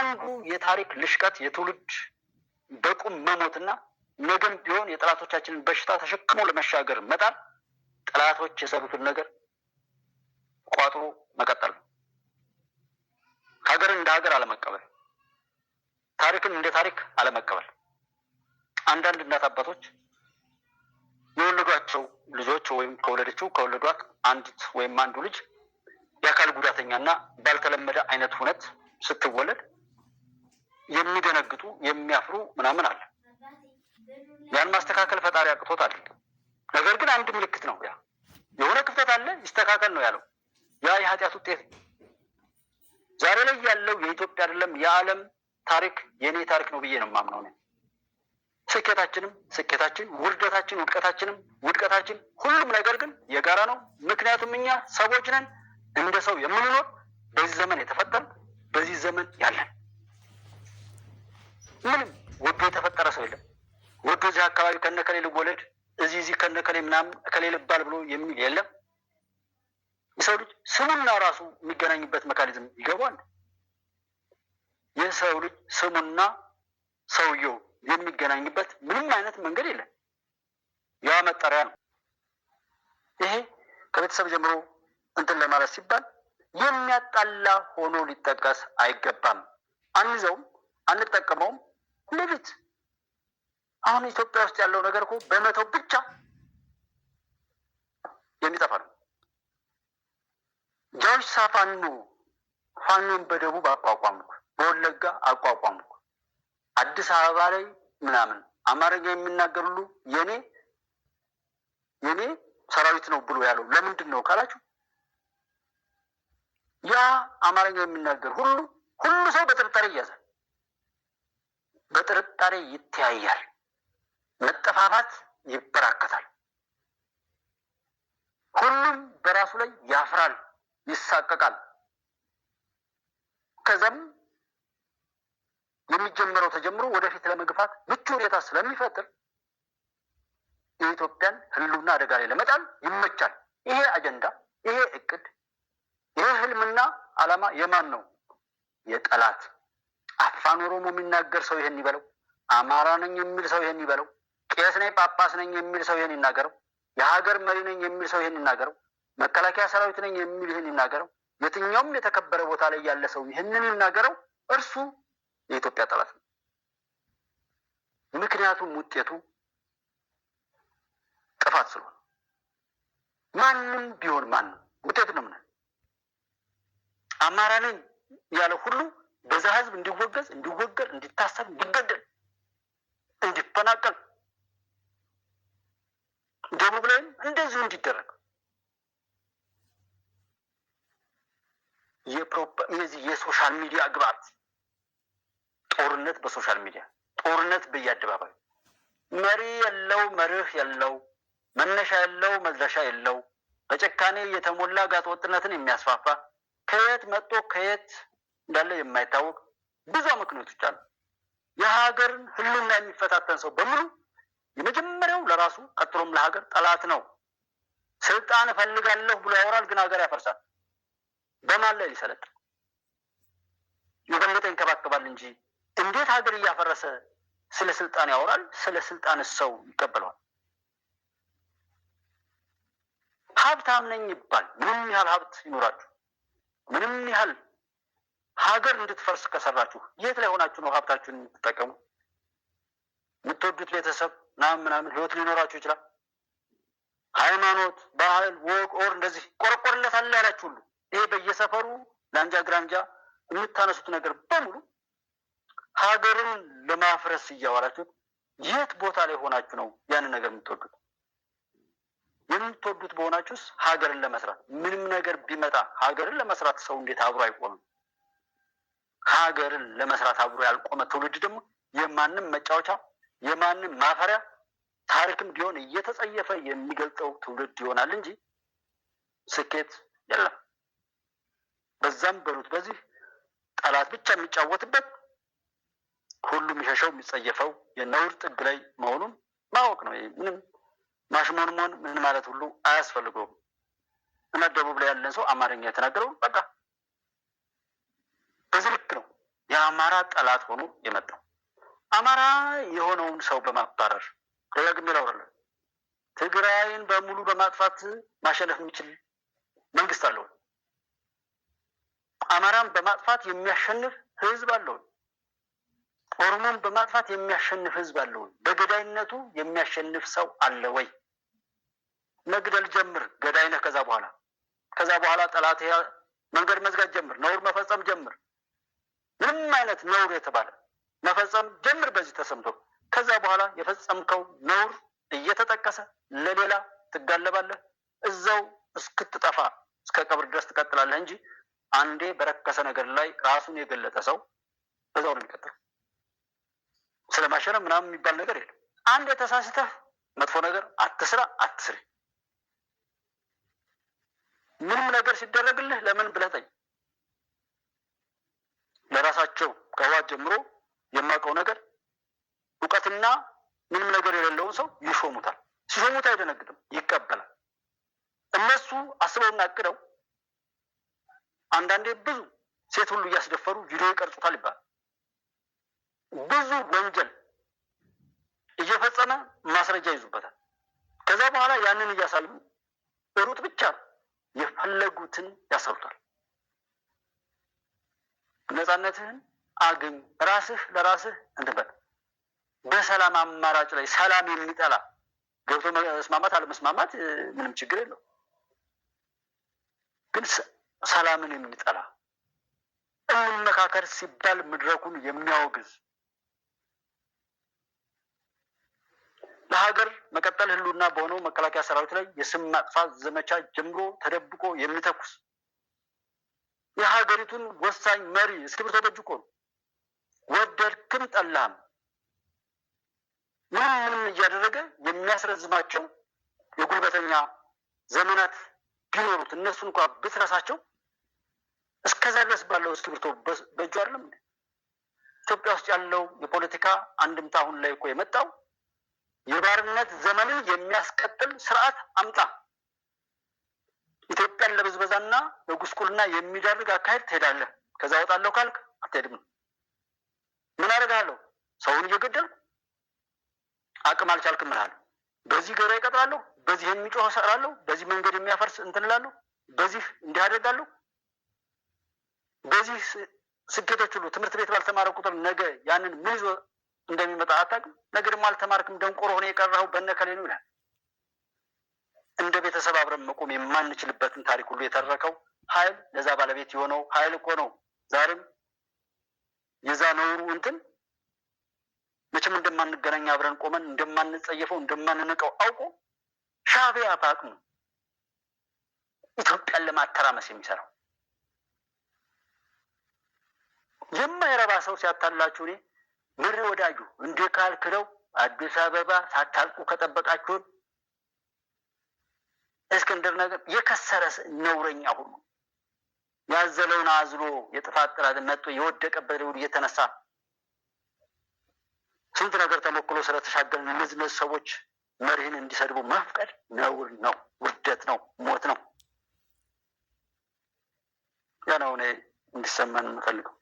አንዱ የታሪክ ልሽቀት የትውልድ በቁም መሞትና ነገም ቢሆን የጠላቶቻችንን በሽታ ተሸክሞ ለመሻገር መጣል፣ ጠላቶች የሰሩትን ነገር ቋጥሮ መቀጠል ነው። ሀገርን እንደ ሀገር አለመቀበል፣ ታሪክን እንደ ታሪክ አለመቀበል። አንዳንድ እናት አባቶች የወለዷቸው ልጆች ወይም ከወለደችው ከወለዷት አንዲት ወይም አንዱ ልጅ የአካል ጉዳተኛና ባልተለመደ አይነት ሁነት ስትወለድ የሚደነግጡ የሚያፍሩ ምናምን አለ። ያን ማስተካከል ፈጣሪ አቅቶት አለ ነገር ግን አንድ ምልክት ነው። ያ የሆነ ክፍተት አለ ይስተካከል ነው ያለው። ያ የኃጢአት ውጤት ዛሬ ላይ ያለው የኢትዮጵያ አይደለም የዓለም ታሪክ የእኔ ታሪክ ነው ብዬ ነው የማምነው። ስኬታችንም ስኬታችን፣ ውርደታችን ውድቀታችንም ውድቀታችን፣ ሁሉም ነገር ግን የጋራ ነው። ምክንያቱም እኛ ሰዎች ነን፣ እንደ ሰው የምንኖር በዚህ ዘመን የተፈጠር በዚህ ዘመን ያለን ምንም ወዶ የተፈጠረ ሰው የለም። ወዶ እዚህ አካባቢ ከነከሌ ልወለድ እዚህ እዚህ ከነከሌ ምናምን ከሌ ልባል ብሎ የሚል የለም። የሰው ልጅ ስሙና ራሱ የሚገናኝበት መካኒዝም ይገባል። የሰው ልጅ ስሙና ሰውየው የሚገናኝበት ምንም አይነት መንገድ የለም። ያ መጠሪያ ነው። ይሄ ከቤተሰብ ጀምሮ እንትን ለማለት ሲባል የሚያጣላ ሆኖ ሊጠቀስ አይገባም። አንይዘውም፣ አንጠቀመውም። ሌሊት አሁን ኢትዮጵያ ውስጥ ያለው ነገር እኮ በመቶ ብቻ የሚጠፋ ነው። ጃዊሳ ፋኖ ፋኖን በደቡብ አቋቋምኩ፣ በወለጋ አቋቋምኩ፣ አዲስ አበባ ላይ ምናምን አማርኛ የሚናገር ሁሉ የኔ የኔ ሰራዊት ነው ብሎ ያለው ለምንድን ነው ካላችሁ፣ ያ አማርኛ የሚናገር ሁሉ ሁሉ ሰው በጥርጣሬ እያዛል። በጥርጣሬ ይተያያል፣ መጠፋፋት ይበራከታል። ሁሉም በራሱ ላይ ያፍራል፣ ይሳቀቃል። ከዚያም የሚጀመረው ተጀምሮ ወደፊት ለመግፋት ምቹ ሁኔታ ስለሚፈጥር የኢትዮጵያን ሕልውና አደጋ ላይ ለመጣል ይመቻል። ይሄ አጀንዳ፣ ይሄ እቅድ፣ ይሄ ህልምና ዓላማ የማን ነው? የጠላት ፋን ኦሮሞ የሚናገር ሰው ይሄን ይበለው፣ አማራ ነኝ የሚል ሰው ይሄን ይበለው፣ ቄስ ነኝ ጳጳስ ነኝ የሚል ሰው ይሄን ይናገረው፣ የሀገር መሪ ነኝ የሚል ሰው ይሄን ይናገረው፣ መከላከያ ሰራዊት ነኝ የሚል ይሄን ይናገረው፣ የትኛውም የተከበረ ቦታ ላይ ያለ ሰው ይህንን ይናገረው፣ እርሱ የኢትዮጵያ ጠላት ነው። ምክንያቱም ውጤቱ ጥፋት ስለሆነ ማንም ቢሆን ማንም ውጤት ነው ምን አማራ ነኝ ያለ ሁሉ በዛ ህዝብ እንዲወገዝ፣ እንዲወገር፣ እንዲታሰብ፣ እንዲገደል፣ እንዲፈናቀል ደቡብ ላይም እንደዚሁ እንዲደረግ የዚህ የሶሻል ሚዲያ ግብአት ጦርነት በሶሻል ሚዲያ ጦርነት በየአደባባዩ መሪ የለው መርህ የለው መነሻ የለው መድረሻ የለው በጭካኔ የተሞላ ጋጠወጥነትን የሚያስፋፋ ከየት መጥቶ ከየት እንዳለ የማይታወቅ ብዙ ምክንያቶች አሉ። የሀገርን ህልና የሚፈታተን ሰው በሙሉ የመጀመሪያው ለራሱ ቀጥሎም ለሀገር ጠላት ነው። ስልጣን እፈልጋለሁ ብሎ ያወራል፣ ግን ሀገር ያፈርሳል። በማን ላይ ሊሰለጥ የበለጠ ይንከባከባል እንጂ እንዴት ሀገር እያፈረሰ ስለ ስልጣን ያወራል? ስለ ስልጣን ሰው ይቀበለዋል? ሀብታም ነኝ ይባል፣ ምንም ያህል ሀብት ይኖራችሁ፣ ምንም ያህል ሀገር እንድትፈርስ ከሰራችሁ የት ላይ ሆናችሁ ነው ሀብታችሁን የምትጠቀሙ? የምትወዱት ቤተሰብ ምናምን ምናምን ህይወት ሊኖራችሁ ይችላል። ሃይማኖት፣ ባህል፣ ወቅ ኦር እንደዚህ ቆረቆርለት አለ ያላችሁ ሁሉ ይሄ በየሰፈሩ ለአንጃ ግራንጃ የምታነሱት ነገር በሙሉ ሀገርን ለማፍረስ እያዋላችሁት የት ቦታ ላይ ሆናችሁ ነው ያንን ነገር የምትወዱት? የምትወዱት በሆናችሁስ ሀገርን ለመስራት ምንም ነገር ቢመጣ ሀገርን ለመስራት ሰው እንዴት አብሮ አይቆምም? ሀገርን ለመስራት አብሮ ያልቆመ ትውልድ ደግሞ የማንም መጫወቻ የማንም ማፈሪያ ታሪክም ቢሆን እየተጸየፈ የሚገልጠው ትውልድ ይሆናል እንጂ ስኬት የለም። በዛም በሉት በዚህ ጠላት ብቻ የሚጫወትበት ሁሉም የሚሸሸው የሚጸየፈው የነውር ጥግ ላይ መሆኑን ማወቅ ነው። ምንም ማሽሞንሞን ምን ማለት ሁሉ አያስፈልገውም። እና ደቡብ ላይ ያለን ሰው አማርኛ የተናገረው በቃ አማራ ጠላት ሆኖ የመጣው አማራ የሆነውን ሰው በማባረር ደጋግሜ ላውራለሁ። ትግራይን በሙሉ በማጥፋት ማሸነፍ የሚችል መንግስት አለው። አማራን በማጥፋት የሚያሸንፍ ህዝብ አለው። ኦሮሞን በማጥፋት የሚያሸንፍ ህዝብ አለው። በገዳይነቱ የሚያሸንፍ ሰው አለ ወይ? መግደል ጀምር፣ ገዳይ ከዛ በኋላ ከዛ በኋላ ጠላት መንገድ መዝጋት ጀምር፣ ነውር መፈጸም ጀምር። ምንም አይነት ነውር የተባለ መፈጸም ጀምር በዚህ ተሰምቶ ከዛ በኋላ የፈጸምከው ነውር እየተጠቀሰ ለሌላ ትጋለባለህ። እዛው እስክትጠፋ እስከ ቀብር ድረስ ትቀጥላለህ እንጂ አንዴ በረከሰ ነገር ላይ ራሱን የገለጠ ሰው እዛው ነው የሚቀጥለው። ማሸረም ምናምን የሚባል ነገር የለም። አንዴ ተሳስተህ መጥፎ ነገር አትስራ፣ አትስሪ። ምንም ነገር ሲደረግልህ ለምን ብለህ ጠይቅ። ለራሳቸው ከህወሓት ጀምሮ የማውቀው ነገር እውቀትና ምንም ነገር የሌለውን ሰው ይሾሙታል። ሲሾሙት አይደነግጥም፣ ይቀበላል። እነሱ አስበውና አቅደው አንዳንዴ ብዙ ሴት ሁሉ እያስደፈሩ ቪዲዮ ይቀርጹታል ይባላል። ብዙ ወንጀል እየፈጸመ ማስረጃ ይዙበታል። ከዛ በኋላ ያንን እያሳሉ ሩጥ ብቻ የፈለጉትን ያሰሩታል። ነፃነትህን አግኝ። ራስህ ለራስህ እንትበል። በሰላም አማራጭ ላይ ሰላም የሚጠላ ገብቶ መስማማት አለመስማማት ምንም ችግር የለው፣ ግን ሰላምን የሚጠላ እንመካከር ሲባል መድረኩን የሚያወግዝ ለሀገር መቀጠል ህልውና በሆነው መከላከያ ሰራዊት ላይ የስም ማጥፋት ዘመቻ ጀምሮ ተደብቆ የሚተኩስ የሀገሪቱን ወሳኝ መሪ እስክብር በእጅ እኮ ነው። ወደድክም ጠላም ምንም ምንም እያደረገ የሚያስረዝማቸው የጉልበተኛ ዘመናት ቢኖሩት እነሱ እንኳ ብትረሳቸው እስከዛ ድረስ ባለው እስክብርቶ በእጁ አይደለም። ኢትዮጵያ ውስጥ ያለው የፖለቲካ አንድምታ አሁን ላይ እኮ የመጣው የባርነት ዘመንን የሚያስቀጥል ስርዓት አምጣ ኢትዮጵያን ለብዝበዛና ለጉስቁልና የሚዳርግ አካሄድ ትሄዳለህ። ከዛ ወጣለሁ ካልክ አትሄድም። ምን አደርግሃለሁ? ሰውን እየገደል አቅም አልቻልክም እልሃለሁ። በዚህ ገበያ ይቀጥራለሁ፣ በዚህ የሚጮህ እሰራለሁ፣ በዚህ መንገድ የሚያፈርስ እንትን በዚህ እንዲህ አደርጋለሁ። በዚህ ስኬቶች ሁሉ ትምህርት ቤት ባልተማረ ቁጥር ነገ ያንን ምን ይዞ እንደሚመጣ አታውቅም። ነገ ደግሞ አልተማርክም፣ ደንቆሮ ሆነ የቀረኸው በነከሌ ነው ይላል። እንደ ቤተሰብ አብረን መቆም የማንችልበትን ታሪክ ሁሉ የተረከው ኃይል ለዛ ባለቤት የሆነው ኃይል እኮ ነው። ዛሬም የዛ ነውሩ እንትን መቼም እንደማንገናኝ አብረን ቆመን እንደማንጸየፈው እንደማንነቀው አውቆ ሻዕቢያ በአቅሙ ኢትዮጵያን ለማተራመስ የሚሰራው የማይረባ ሰው ሲያታላችሁ እኔ ምሬ ወዳጁ እንዲህ ካልክለው አዲስ አበባ ሳታልቁ ከጠበቃችሁን እስክንድር ነገር የከሰረ ነውረኛ ሁሉ ያዘለውን አዝሎ የጥፋት ጥራትን መጥቶ የወደቀበት ልውድ እየተነሳ ስንት ነገር ተሞክሎ ስለተሻገርን እነዚህ እነዚህ ሰዎች መሪህን እንዲሰድቡ መፍቀድ ነውር ነው፣ ውርደት ነው፣ ሞት ነው። ያ ነው እኔ እንዲሰማን የምፈልገው።